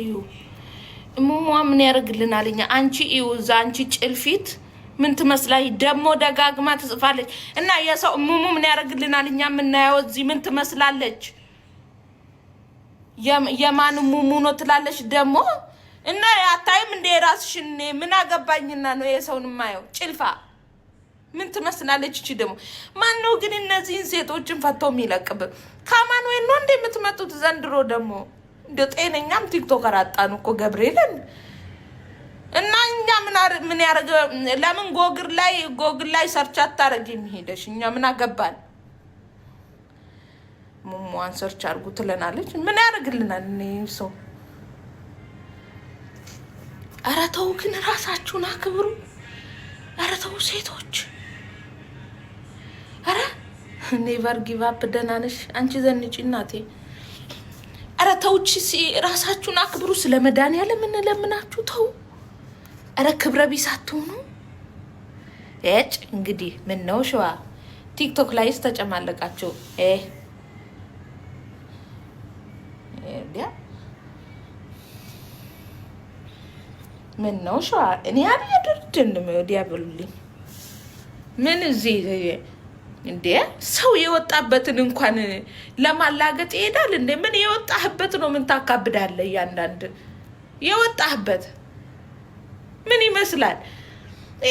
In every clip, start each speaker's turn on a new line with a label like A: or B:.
A: እዩ እሙሟ ምን ያደርግልናል? እኛ አንቺ እዩ እዛ አንቺ ጭልፊት ምን ትመስላለች? ደግሞ ደጋግማ ትጽፋለች እና የሰው እሙሙ ምን ያደርግልናል? እኛ የምናየው እዚህ ምን ትመስላለች? የማን ሙሙ ነው ትላለች ደግሞ እና አታይም እንደ የራስሽን ምን አገባኝና ነው የሰውን የማየው ጭልፋ ምን ትመስላለች እቺ ደግሞ ማን ነው ግን እነዚህን ሴቶችን ፈቶ የሚለቅብን ከማን ወይ ነው የምትመጡት ዘንድሮ ደግሞ እንደ ጤነኛም ቲክቶከር አጣን እኮ ገብርኤልን እና እኛ ምን ያደርገ ለምን ጎግል ላይ ጎግል ላይ ሰርች አታረግ የሚሄደሽ እኛ ምን አገባን? ሙሟን ሰርች አድርጉ ትለናለች። ምን ያደርግልናል? እኔ ሰው ኧረ ተው ግን ራሳችሁን አክብሩ። ኧረ ተው ሴቶች፣ ኧረ ኔቨር ጊቭ አፕ። ደህና ነሽ አንቺ ዘንጪ እናቴ። ኧረ ተውች፣ ራሳችሁን አክብሩ። ስለ መድኃኒዓለም እንለምናችሁ ተው። ኧረ ክብረ ቢስ አትሆኑ። ጭ እንግዲህ ምን ነው ሸዋ ቲክቶክ ላይስ ተጨማለቃችሁ። ምን ነው ሸዋ እኔ ያለ ድርድን ዲያበሉልኝ ምን እዚህ እንዴ ሰው የወጣበትን እንኳን ለማላገጥ ይሄዳል እንዴ? ምን የወጣህበት ነው? ምን ታካብዳለህ? እያንዳንድ የወጣህበት ምን ይመስላል?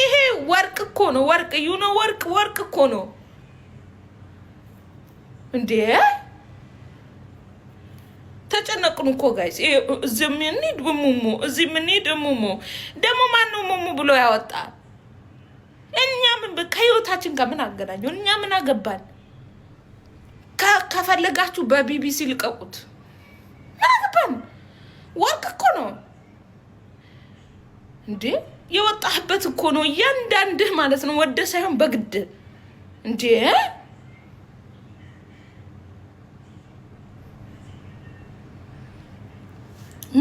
A: ይሄ ወርቅ እኮ ነው። ወርቅ እዩ ነው። ወርቅ ወርቅ እኮ ነው እንዴ! ተጨነቅን እኮ ጋይስ። እዚህ የምንሄድ ሙሙ፣ እዚህ የምንሄድ ሙሙ። ደግሞ ማነው ሙሙ ብሎ ያወጣል? እኛ ምን ከህይወታችን ጋር ምን አገናኘው? እኛ ምን አገባን? ከፈለጋችሁ በቢቢሲ ልቀቁት። ምን አገባን? ወርቅ እኮ ነው እንዴ የወጣህበት እኮ ነው እያንዳንድህ ማለት ነው። ወደ ሳይሆን በግድ እንዴ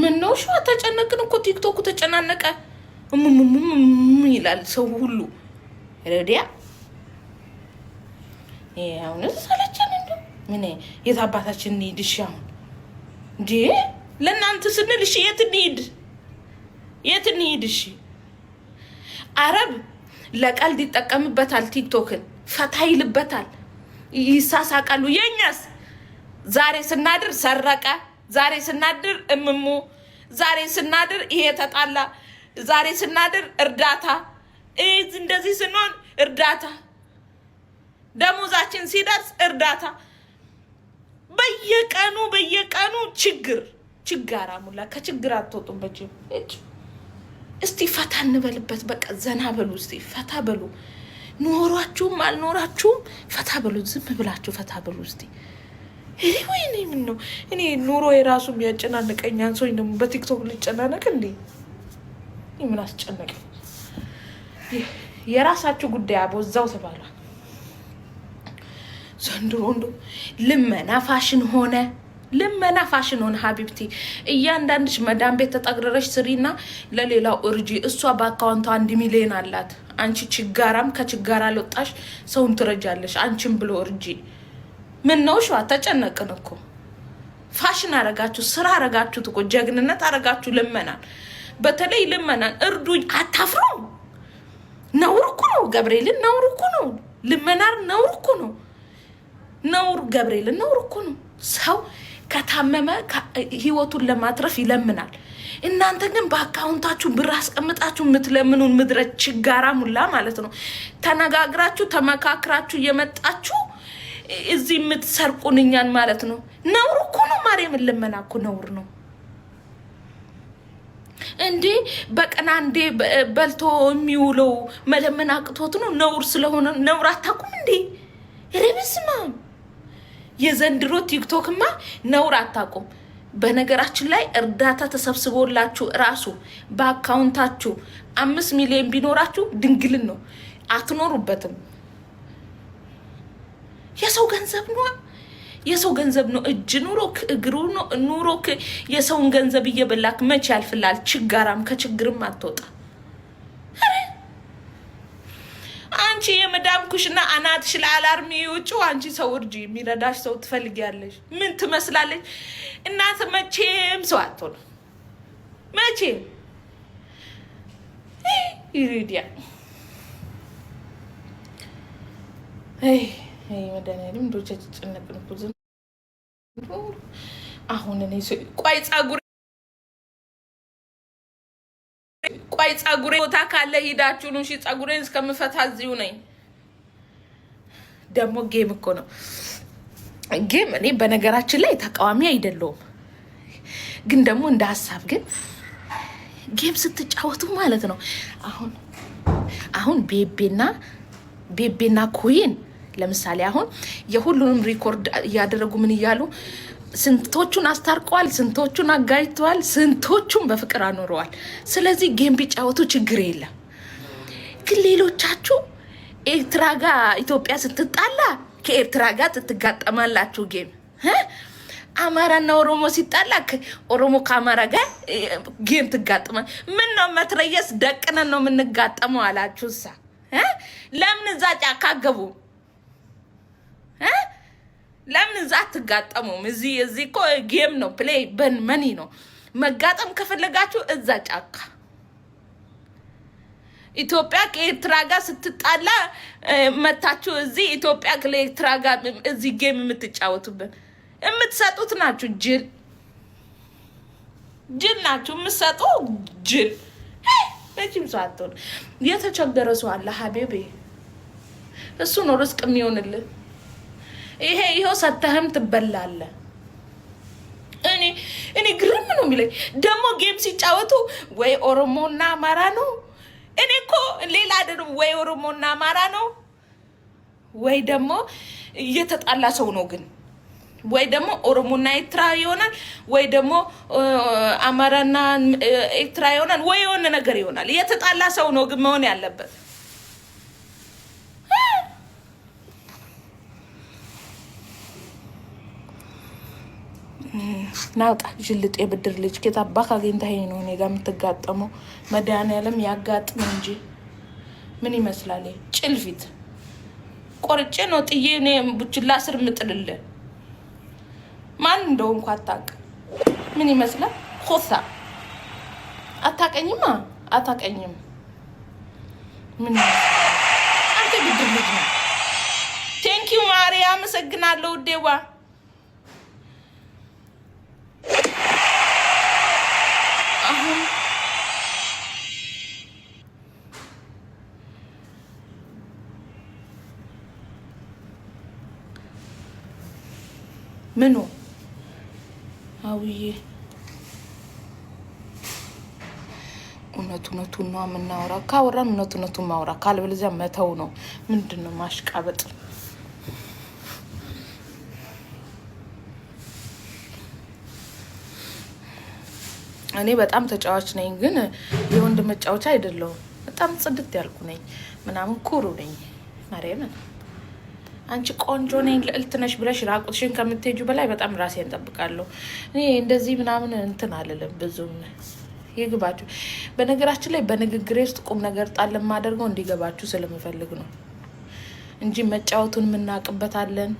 A: ምን ነው ሸዋ ተጨነቅን እኮ ቲክቶክ ተጨናነቀ። እምምምም ይላል ሰው ሁሉ። ረዲያ አሁን ሳላችን እንዲ ምን የት አባታችን እንሂድ? እሺ አሁን እንዲ ለእናንተ ስንል እሺ የት እንሂድ? የት እንሂድ? እሺ አረብ ለቀልድ ይጠቀምበታል። ቲክቶክን ፈታ ይልበታል፣ ይሳሳቃሉ። የኛስ ዛሬ ስናድር ሰረቀ፣ ዛሬ ስናድር እምሙ፣ ዛሬ ስናድር ይሄ ተጣላ፣ ዛሬ ስናድር እርዳታ ኤዝ እንደዚህ ስንሆን እርዳታ ደሞዛችን ሲደርስ እርዳታ በየቀኑ በየቀኑ ችግር ችጋራ ሙላ ከችግር አትወጡም። በጅ እስቲ ፈታ እንበልበት። በቃ ዘና በሉ፣ እስቲ ፈታ በሉ። ኖሯችሁም አልኖራችሁም ፈታ በሉ። ዝም ብላችሁ ፈታ በሉ እስቲ። ይህ ወይኔ ምን ነው እኔ ኑሮ የራሱ የሚያጨናንቀኝ ሰው ደግሞ በቲክቶክ ልጨናነቅ እንዴ? ምን አስጨነቀኝ? የራሳችሁ ጉዳይ አቦዛው ተባሏል። ዘንድሮ እንዶ ልመና ፋሽን ሆነ። ልመና ፋሽን ሆነ። ሀቢብቲ እያንዳንድሽ መዳን ቤት ተጠግረረሽ ስሪና ለሌላው እርጂ። እሷ በአካውንቷ አንድ ሚሊዮን አላት። አንቺ ችጋራም ከችጋራ ለወጣሽ ሰውን ትረጃለሽ። አንቺን ብሎ እርጂ። ምን ነው ሸዋ ተጨነቅን እኮ ፋሽን አረጋችሁ፣ ስራ አረጋችሁት እኮ ጀግንነት አረጋችሁ ልመናን። በተለይ ልመናን እርዱ። አታፍሩ ነውር እኮ ነው። ገብርኤልን ነውር እኮ ነው። ልመናር ነውር እኮ ነው። ነውር ገብርኤልን ነውር እኮ ነው። ሰው ከታመመ ህይወቱን ለማትረፍ ይለምናል። እናንተ ግን በአካውንታችሁ ብር አስቀምጣችሁ የምትለምኑን ምድረ ችጋራ ሙላ ማለት ነው። ተነጋግራችሁ ተመካክራችሁ እየመጣችሁ እዚህ የምትሰርቁን እኛን ማለት ነው። ነውር እኮ ነው። ማርያምን ልመና እኮ ነውር ነው። እንዴ በቀን አንዴ በልቶ የሚውለው መለመን አቅቶት ነው? ነውር ስለሆነ ነውር አታውቁም እንዴ? ረብስማ የዘንድሮ ቲክቶክማ ነውር አታውቁም። በነገራችን ላይ እርዳታ ተሰብስቦላችሁ እራሱ በአካውንታችሁ አምስት ሚሊዮን ቢኖራችሁ ድንግልን ነው፣ አትኖሩበትም። የሰው ገንዘብ ነዋ። የሰው ገንዘብ ነው እጅ ኑሮክ እግሩ ኑሮክ የሰውን ገንዘብ እየበላክ መቼ ያልፍላል? ችጋራም ከችግርም አትወጣ። አንቺ የመዳም ኩሽና አናትሽ ለአላርሚ ውጭ አንቺ ሰው እርጅ፣ የሚረዳሽ ሰው ትፈልጊያለሽ። ምን ትመስላለች እናት? መቼም ሰው አትሆንም። መቼም ይሪዲያ ይ መድኃኒዓለም ዶቻ ጭነቅንኩ አሁን እኔ ቆይ ጸጉሬ ቆይ ጸጉሬ ቦታ ካለ ሂዳችሁ ነው። እሺ ጸጉሬን እስከምፈታ እዚሁ ነኝ። ደግሞ ጌም እኮ ነው ጌም። እኔ በነገራችን ላይ ተቃዋሚ አይደለውም፣ ግን ደግሞ እንደ ሀሳብ ግን ጌም ስትጫወቱ ማለት ነው። አሁን አሁን ቤቤና ቤቤና ኮይን ለምሳሌ አሁን የሁሉንም ሪኮርድ እያደረጉ ምን እያሉ ስንቶቹን አስታርቀዋል፣ ስንቶቹን አጋጅተዋል፣ ስንቶቹን በፍቅር አኖረዋል። ስለዚህ ጌም ቢጫወቱ ችግር የለም። ግን ሌሎቻችሁ ኤርትራ ጋር ኢትዮጵያ ስትጣላ ከኤርትራ ጋር ትትጋጠማላችሁ ጌም አማራና ኦሮሞ ሲጣላ ኦሮሞ ከአማራ ጋር ጌም ትጋጥመ። ምን ነው መትረየስ ደቅነን ነው የምንጋጠመው አላችሁ። እሳ ለምን እዛ ጫካ ገቡ? ለምን እዛ አትጋጠሙም? እዚህ እዚህ እኮ ጌም ነው፣ ፕሌይ በን መኒ ነው። መጋጠም ከፈለጋችሁ እዛ ጫካ ኢትዮጵያ ከኤርትራ ጋር ስትጣላ መታችሁ እዚህ ኢትዮጵያ ከኤርትራ ጋር እዚህ ጌም የምትጫወቱበት የምትሰጡት ናችሁ። ጅል ጅል ናችሁ የምትሰጡ ጅል። መቼም ሰው አትሆን። የተቸገረ ሰው አለ ሀቢቤ፣ እሱ ነው ርስቅ የሚሆንልን። ይሄ ይኸው ሰተህም ትበላለ። እኔ እኔ ግርም ነው የሚለኝ ደግሞ ጌም ሲጫወቱ ወይ ኦሮሞ እና አማራ ነው። እኔ እኮ ሌላ አይደለም ወይ ኦሮሞ እና አማራ ነው ወይ ደግሞ እየተጣላ ሰው ነው ግን ወይ ደግሞ ኦሮሞና ኤርትራ ይሆናል፣ ወይ ደግሞ አማራና ኤርትራ ይሆናል፣ ወይ የሆነ ነገር ይሆናል። የተጣላ ሰው ነው ግን መሆን ያለበት። ናውጣ ጅልጥ የብድር ልጅ ኬታባ ካገኝታ ነው እኔ ጋር የምትጋጠመው። መድኃኒዓለም ያጋጥም እንጂ ምን ይመስላል? ጭልፊት ቆርጬ ነው ጥዬ እኔ ቡችላ ስር ምጥልል? ማን እንደው እንኳ አታውቅ። ምን ይመስላል? ሆሳ አታቀኝማ፣ አታቀኝም። ምን አንተ ብድር ልጅ ነው። ቴንኪዩ ማሪ፣ አመሰግናለሁ ውዴዋ ምኑ አውዬ እውነት እውነቱን ነው የምናወራ። ካወራን እውነት እውነቱን ማውራ፣ ካልበለዚያ መተው ነው። ምንድን ነው ማሽቃበጥ? እኔ በጣም ተጫዋች ነኝ፣ ግን የወንድ መጫወቻ አይደለሁም። በጣም ጽድት ያልኩ ነኝ፣ ምናምን ኩሩ ነኝ። ማርያምን አንቺ ቆንጆ ነኝ ልዕልት ነሽ ብለሽ ራቁትሽን ከምትሄጁ በላይ በጣም ራሴን እንጠብቃለሁ እኔ እንደዚህ ምናምን እንትን አልልም ብዙም ይግባችሁ። በነገራችን ላይ በንግግሬ ውስጥ ቁም ነገር ጣል የማደርገው እንዲገባችሁ ስለምፈልግ ነው እንጂ መጫወቱን የምናውቅበታለን፣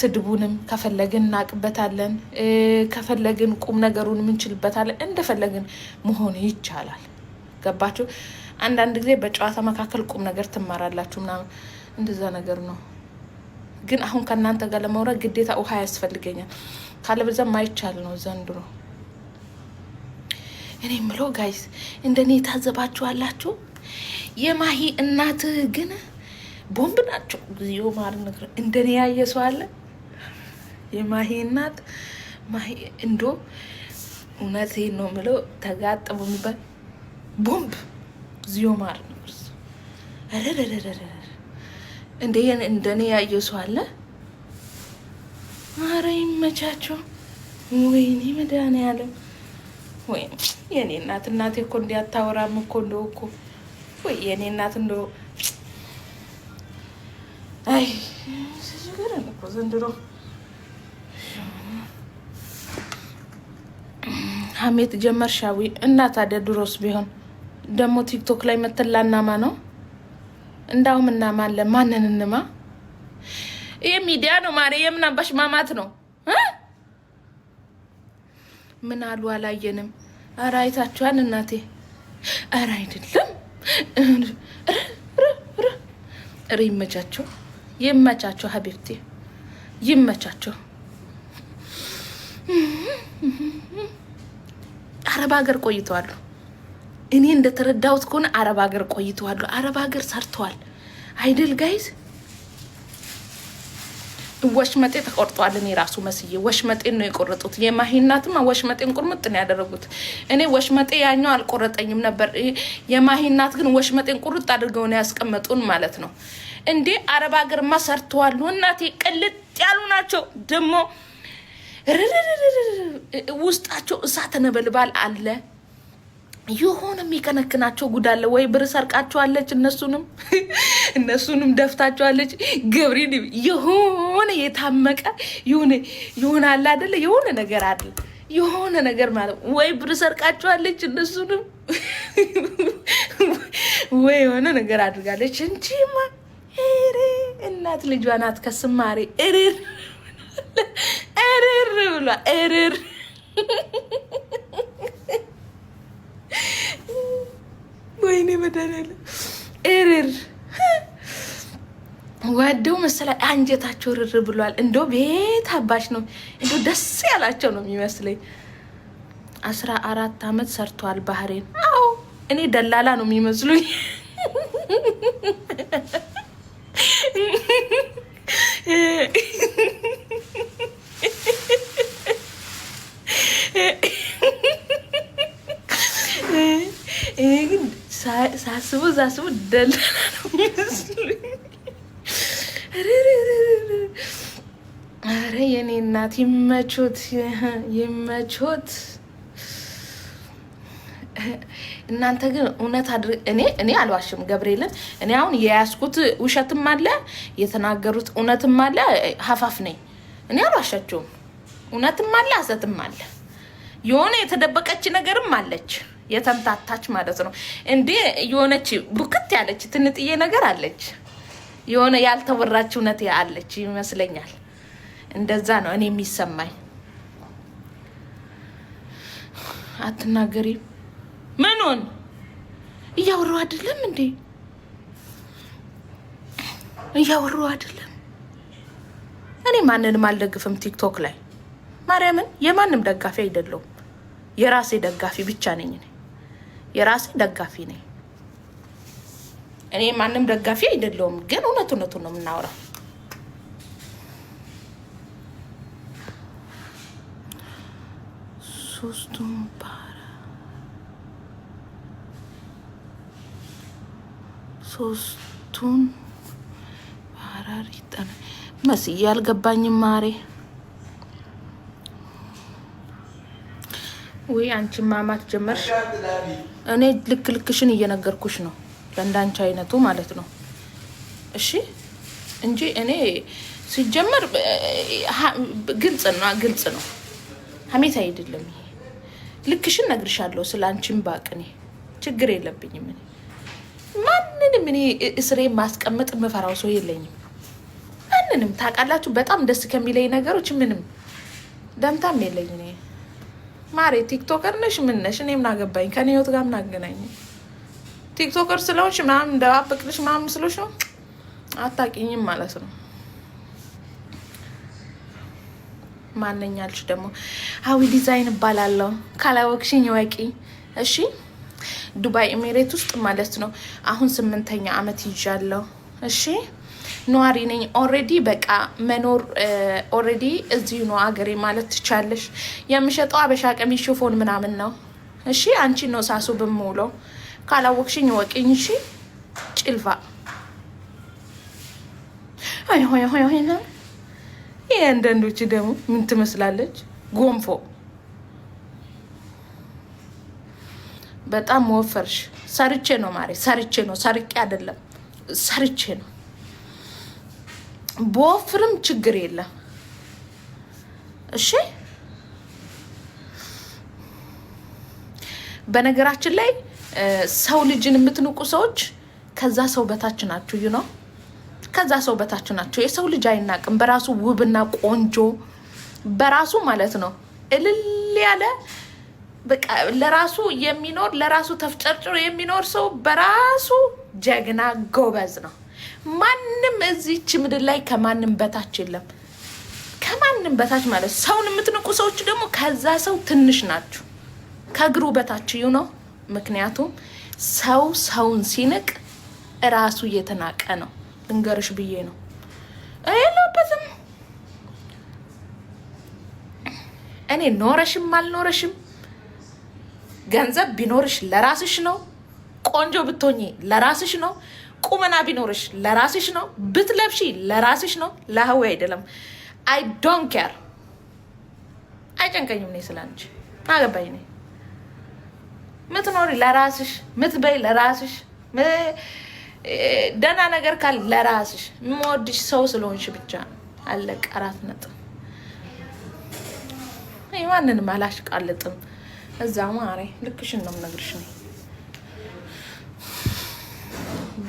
A: ስድቡንም ከፈለግን እናቅበታለን ከፈለግን ቁም ነገሩን የምንችልበታለን፣ እንደፈለግን መሆን ይቻላል። ገባችሁ? አንዳንድ ጊዜ በጨዋታ መካከል ቁም ነገር ትማራላችሁ ምናምን እንደዛ ነገር ነው። ግን አሁን ከእናንተ ጋር ለማውራት ግዴታ ውሃ ያስፈልገኛል። ካለበዛ ማይቻል ነው ዘንድሮ። እኔ ምለው ጋይስ እንደኔ የታዘባችሁ አላችሁ? የማሂ እናት ግን ቦምብ ናቸው። ጊዜው ማር ነገር እንደኔ ያየ ሰው አለ? የማሂ እናት ማሂ እንዶ እውነት ነው ምለው ተጋጠሙ የሚባል ቦምብ ጊዜው ማር ነገር እንደ እንደኔ ያየው ሰው አለ? አረ ይመቻቸው። ወይኔ መድኃኒዓለም ወይ የኔ እናት እናቴ እኮ እንዲህ አታወራም እኮ እንደው እኮ ወይ የኔ እናት እንደው አይ ገረን እኮ ዘንድሮ ሀሜት ጀመርሻዊ። እና ታዲያ ድሮስ ቢሆን ደግሞ ቲክቶክ ላይ መተላናማ ነው እንዳውም እና ማንን እንማ? ይህ ሚዲያ ነው ማሬ። የምን አባሽ ማማት ነው? ምን አሉ? አላየንም። ኧረ አይታችኋል እናቴ። ኧረ አይደለም። ር ይመቻቸው ሀቢብቴ፣ ይመቻቸው። አረብ ሀገር ቆይተዋሉ። እኔ እንደተረዳሁት ከሆነ አረብ ሀገር ቆይተዋሉ። አረብ ሀገር ሰርተዋል አይደል ጋይዝ? ወሽመጤ ተቆርጠዋል። እኔ ራሱ መስዬ ወሽመጤን ነው የቆረጡት። የማሂናትማ ወሽመጤን ቁርምጥ ነው ያደረጉት። እኔ ወሽመጤ ያኛው አልቆረጠኝም ነበር። የማሄናት ግን ወሽመጤን ቁርጥ አድርገው ነው ያስቀመጡን ማለት ነው። እንዴ አረብ ሀገርማ ሰርተዋሉ። እናቴ ቅልጥ ያሉ ናቸው ደግሞ ውስጣቸው እሳት ነበልባል አለ የሆነ የሚቀነክናቸው ጉዳለ አለ ወይ? ብር ሰርቃቸዋለች፣ እነሱንም እነሱንም ደፍታቸዋለች። ገብሪን የሆነ የታመቀ የሆነ የሆነ አለ አደለ፣ የሆነ ነገር አለ የሆነ ነገር ማለት ወይ ብር ሰርቃቸዋለች፣ እነሱንም ወይ የሆነ ነገር አድርጋለች እንጂማ ሄሬ እናት ልጇ ናት ከስማሬ እርር እርር ብሏ እርር ወይኔ መድኃኒዓለም እርር ወደው መሰላ አንጀታቸው ርር ብሏል። እንዶ ቤት አባሽ ነው እንዶ ደስ ያላቸው ነው የሚመስለኝ። አስራ አራት አመት ሰርቷል ባህሬን። አዎ እኔ ደላላ ነው የሚመስሉኝ። ሳስቡ እዛ ስቡ ደለላ ነው የሚመስሉኝ። ኧረ የኔ እናት ይመቾት ይመቾት። እናንተ ግን እውነት አድር እኔ እኔ አልዋሽም ገብርኤልን። እኔ አሁን የያዝኩት ውሸትም አለ የተናገሩት እውነትም አለ። ሀፋፍ ነኝ እኔ አልዋሻቸውም። እውነትም አለ ሀሰትም አለ። የሆነ የተደበቀች ነገርም አለች። የተምታታች ማለት ነው። እንዲ የሆነች ቡክት ያለች ትንጥዬ ነገር አለች፣ የሆነ ያልተወራች እውነት አለች ይመስለኛል። እንደዛ ነው እኔ የሚሰማኝ። አትናገሪም? ምኑን እያወሩ አይደለም እንዴ? እያወሩ አይደለም። እኔ ማንንም አልደግፍም ቲክቶክ ላይ ማርያምን፣ የማንም ደጋፊ አይደለሁም። የራሴ ደጋፊ ብቻ ነኝ እኔ። የራሴ ደጋፊ ነኝ። እኔ ማንም ደጋፊ አይደለውም፣ ግን እውነት እውነቱ ነው የምናወራው። ሶስቱም ባራ ሶስቱን ባራሪ ጠ መስ አልገባኝም ማሬ ውይ አንቺ ማማት ጀመርሽ። እኔ ልክ ልክሽን እየነገርኩሽ ነው፣ ለእንዳንቺ አይነቱ ማለት ነው። እሺ እንጂ እኔ ሲጀመር ግልጽ ነው፣ ግልጽ ነው፣ ሀሜት አይደለም ይሄ። ልክሽን ነግርሻለሁ ስለ አንቺን ባቅኔ ችግር የለብኝም። እኔ ማንንም እኔ እስሬ ማስቀመጥ የምፈራው ሰው የለኝም። ማንንም ታውቃላችሁ፣ በጣም ደስ ከሚለኝ ነገሮች ምንም ደምታም የለኝ እኔ ማሬ ቲክቶከር ነሽ ምን ነሽ? እኔ ምን አገባኝ? ከኔ ህይወት ጋር ምን አገናኝ? ቲክቶከር ስለሆንሽ ምናምን እንደባበቅልሽ ምናምን ስሎሽ ነው አታውቂኝም ማለት ነው። ማነኛልሽ ደግሞ ሀዊ ዲዛይን እባላለሁ። ካላወቅሽኝ ወቂ እሺ። ዱባይ ኤሚሬት ውስጥ ማለት ነው። አሁን ስምንተኛ አመት ይዣለሁ። እሺ ነዋሪ ነኝ። ኦሬዲ በቃ መኖር ኦሬዲ እዚሁ ነው አገሬ ማለት ትቻለሽ። የምሸጠው አበሻ ቀሚስ ሽፎን ምናምን ነው። እሺ አንቺ ነው ሳሱ ብምውለው ካላወቅሽኝ ወቅኝ። እሺ ጭልፋ ይህ አንዳንዶች ደግሞ ምን ትመስላለች? ጎንፎ በጣም ወፈርሽ። ሰርቼ ነው ማሬ፣ ሰርቼ ነው ሰርቄ አይደለም፣ ሰርቼ ነው በወፍርም ችግር የለም። እሺ። በነገራችን ላይ ሰው ልጅን የምትንቁ ሰዎች ከዛ ሰው በታች ናችሁ። ዩ ነው ከዛ ሰው በታች ናቸው። የሰው ልጅ አይናቅም። በራሱ ውብና ቆንጆ በራሱ ማለት ነው እልል ያለ በቃ ለራሱ የሚኖር ለራሱ ተፍጨርጭሮ የሚኖር ሰው በራሱ ጀግና ጎበዝ ነው። ማንም እዚች ምድር ላይ ከማንም በታች የለም። ከማንም በታች ማለት ሰውን የምትንቁ ሰዎች ደግሞ ከዛ ሰው ትንሽ ናችሁ፣ ከእግሩ በታች ዩ ነው። ምክንያቱም ሰው ሰውን ሲንቅ እራሱ እየተናቀ ነው። ልንገርሽ ብዬ ነው የለበትም። እኔ ኖረሽም አልኖረሽም ገንዘብ ቢኖርሽ ለራስሽ ነው። ቆንጆ ብትሆኚ ለራስሽ ነው። ቁመና ቢኖርሽ ለራስሽ ነው። ብትለብሺ ለራስሽ ነው፣ ለህዌ አይደለም። አይ ዶን ኬር አይጨንቀኝም። እኔ ስላንቺ አገባኝ። እኔ ምትኖሪ ለራስሽ፣ ምትበይ ለራስሽ፣ ደህና ነገር ካል ለራስሽ፣ የምወድሽ ሰው ስለሆንሽ ብቻ አለቀ። አራት ነጥብ። ማንንም አላሽቃልጥም። እዛ ማሬ ልክሽን ነው የምነግርሽ ነኝ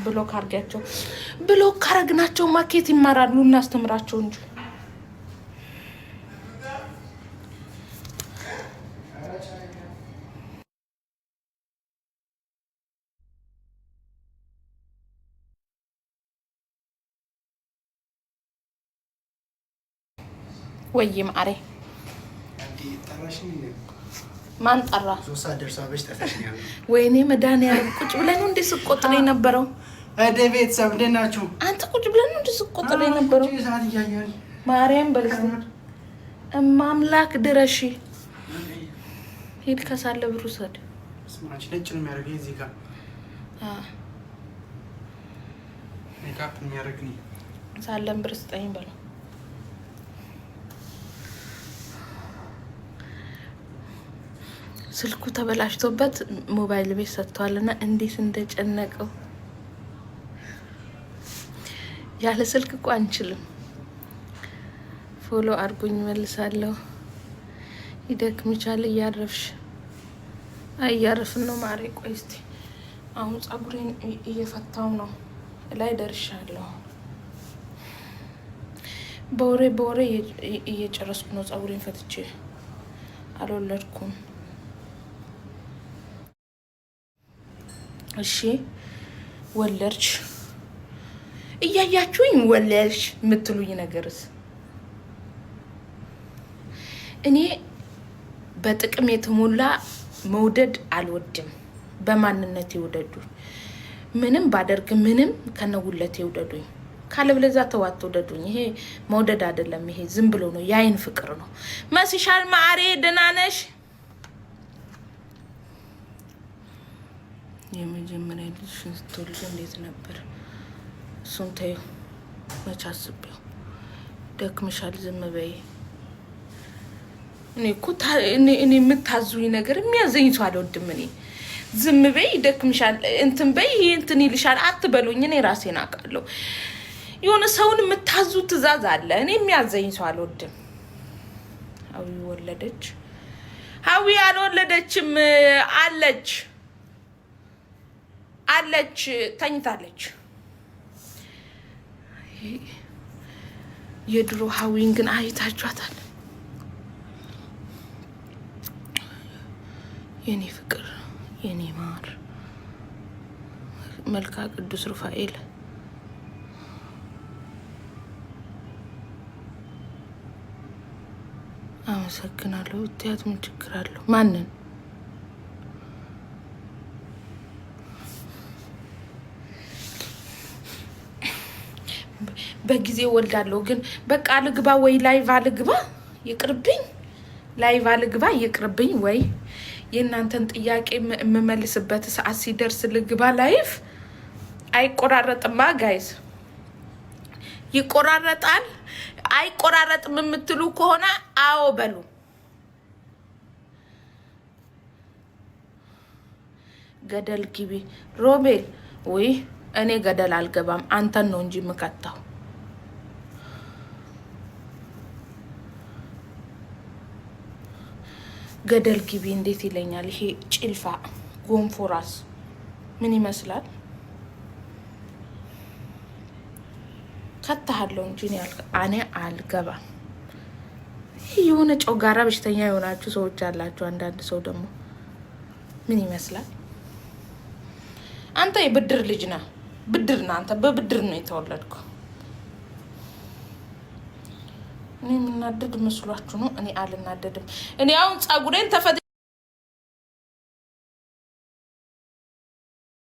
A: ብሎክ አድርጊያቸው። ብሎክ ካረግናቸው ማኬት ይማራሉ፣ እናስተምራቸው እንጂ ወይ ማሬ ማን ጠራ? ወይኔ መድኃኒዓለም ቁጭ ብለን እንደ ስቆጥር የነበረው
B: እደ ቤተሰብ እንዴት ናችሁ?
A: አንተ ቁጭ ብለን እንዲ ስቆጥር የነበረው ማርያም በልስ እማምላክ ድረሺ ሂድ ከሳለ ብሩ ሰድ ሳለን ብር ስጠኝ በለው ስልኩ ተበላሽቶበት ሞባይል ቤት እና እንዴት እንደጨነቀው ያለ ስልክ እኮ አንችልም። ፎሎ አድርጎኝ መልሳለሁ። ይደክምቻል እያረፍሽ እያረፍን ነው ማሬ። ቆይ አሁን ጸጉሬን እየፈታው ነው ላይ ደርሻለሁ። በወሬ በወሬ እየጨረስኩ ነው ጸጉሬን ፈትቼ አልወለድኩም። እሺ ወለድሽ እያያችሁኝ ወለድሽ የምትሉኝ ነገርስ እኔ በጥቅም የተሞላ መውደድ አልወድም። በማንነት ይውደዱ። ምንም ባደርግ ምንም ከነውለት ይውደዱኝ። ካለብለዛ ተዋት ትውደዱኝ። ይሄ መውደድ አይደለም። ይሄ ዝም ብሎ ነው። የአይን ፍቅር ነው። መስሻል ማሬ ደህና ነሽ? የመጀመሪያ ልጅሽን ስትወልጂ እንዴት ነበር? እሱን ተይው፣ መች አስቤው። ደክምሻል፣ ዝም በይ። እኔ እኮ እኔ የምታዙኝ ነገር የሚያዘኝ ሰው አልወድም። እኔ ዝም በይ፣ ደክምሻል፣ እንትን በይ፣ እንትን ይልሻል አትበሉኝ። እኔ ራሴን አውቃለሁ። የሆነ ሰውን የምታዙ ትእዛዝ አለ። እኔ የሚያዘኝ ሰው አልወድም። ወለደች። አዊ አልወለደችም አለች አለች ተኝታለች። የድሮ ሀዊን ግን አይታችኋታል። የኔ ፍቅር፣ የኔ ማር፣ መልካ ቅዱስ ሩፋኤል አመሰግናለሁ። እትያት ምን ችግር አለው? ማንን በጊዜ ወልዳለሁ። ግን በቃ ልግባ ወይ ላይቭ አልግባ ይቅርብኝ፣ ላይቭ አልግባ ይቅርብኝ። ወይ የእናንተን ጥያቄ የምመልስበት ሰዓት ሲደርስ ልግባ ላይቭ። አይቆራረጥማ ጋይዝ፣ ይቆራረጣል። አይቆራረጥም የምትሉ ከሆነ አዎ በሉ። ገደል ግቢ ሮቤል። ውይ እኔ ገደል አልገባም፣ አንተን ነው እንጂ የምከታው ገደል ግቢ እንዴት ይለኛል። ይሄ ጭልፋ ጎንፎ ራስ ምን ይመስላል? ከታሃለው እንጂ እኔ አልገባም። ይህ የሆነ ጨጓራ በሽተኛ የሆናችሁ ሰዎች አላችሁ። አንዳንድ ሰው ደግሞ ምን ይመስላል? አንተ የብድር ልጅ ነህ። ብድር ነህ አንተ። በብድር ነው የተወለድኩ እኔ የምናደድ መስሏችሁ ነው? እኔ አልናደድም። እኔ አሁን ጸጉሬን ተፈ